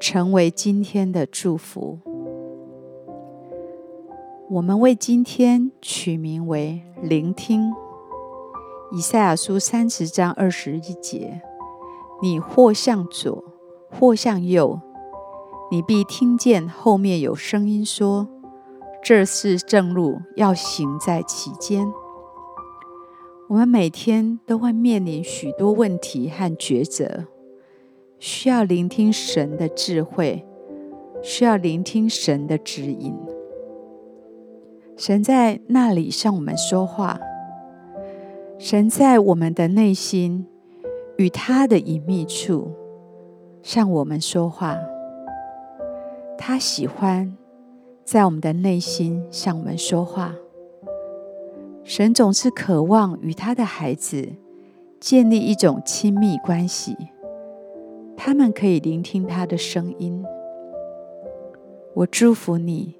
成為今天的祝福。我們為今天取名為“聆聽”。以賽亞書三十章二十一節：“你或向左，或向右，你必聽見後面有聲音說：這是正路，要行在其間。”我們每天都會面臨許多問題和抉擇。需要聆聽神的智慧，需要聆聽神的指引。神在那裡向我們說話，神在我們的內心與他的隱秘處向我們說話。他喜歡在我們的內心向我們說話。神總是渴望與他的孩子建立一種親密關係。他們可以聆聽他的聲音。我祝福你，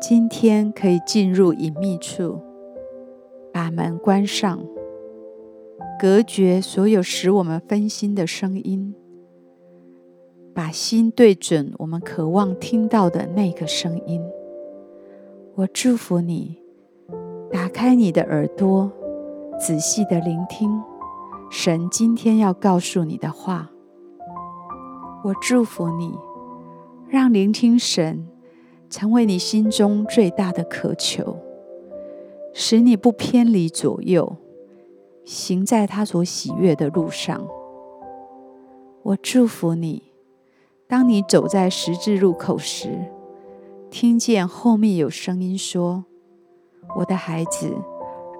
今天可以進入隱秘處，把門關上，隔絕所有使我們分心的聲音，把心對準我們渴望聽到的那個聲音。我祝福你，打開你的耳朵，仔細的聆聽神今天要告訴你的話。我祝福你，讓聆聽神成為你心中最大的渴求，使你不偏離左右，行在他所喜悅的路上。我祝福你，當你走在十字路口時，聽見後面有聲音說：“我的孩子，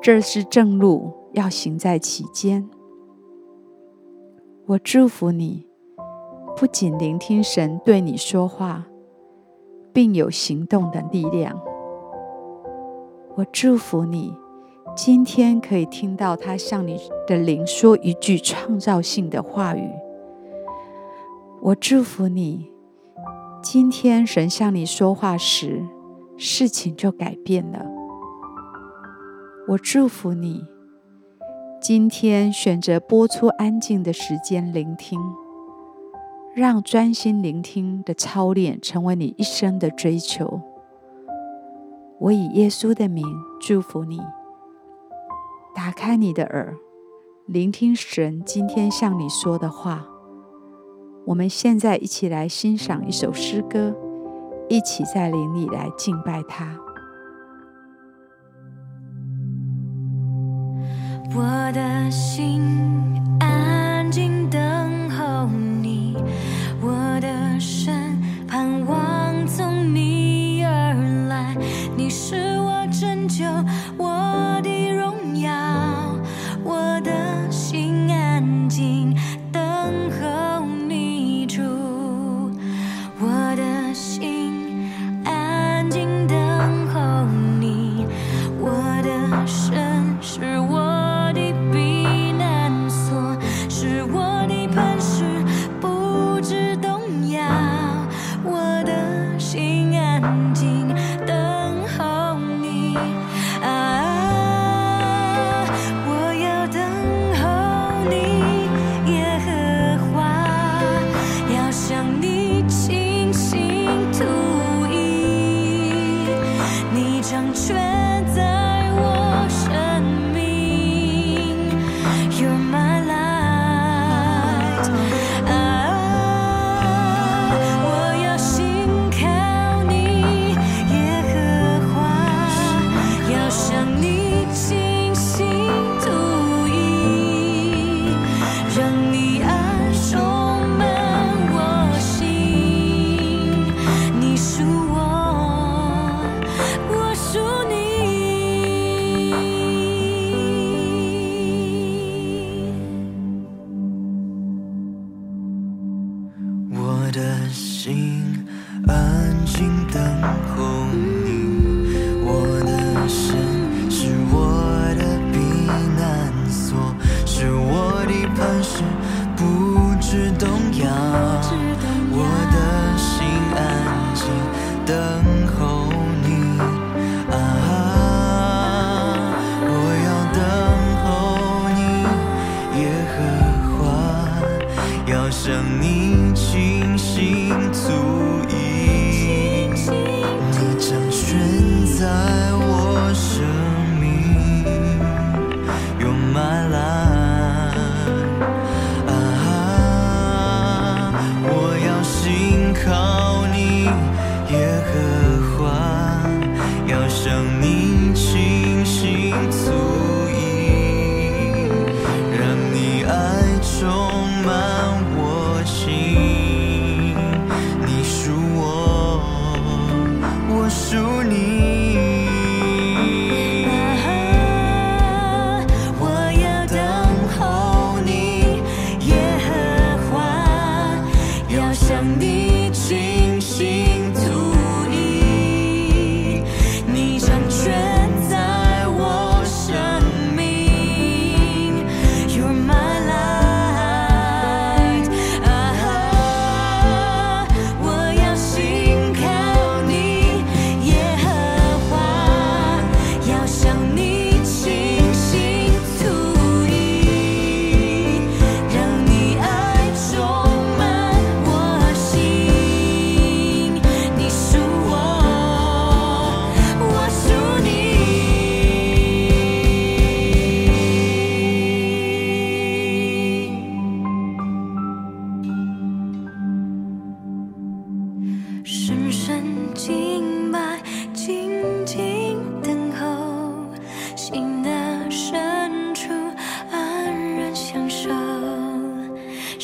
這是正路，要行在其間。”我祝福你。不僅聆聽神對你說話，並有行動的力量。我祝福你，今天可以聽到他向你的靈說一句創造性的話語。我祝福你，今天神向你說話時，事情就改變了。我祝福你，今天選擇播出安靜的時間聆聽。讓專心聆聽的操練成為你一生的追求。我以耶穌的名祝福你。打開你的耳，聆聽神今天向你說的話。我們現在一起來欣賞一首詩歌，一起在靈裡來敬拜他。的心安靜等候。讓你清醒。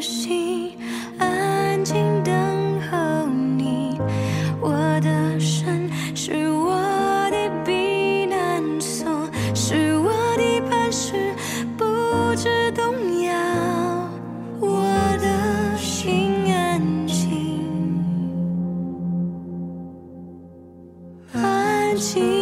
心安靜等候你，我的身是我的避難所，是我的磐石，不至動搖。我的心安靜，安靜。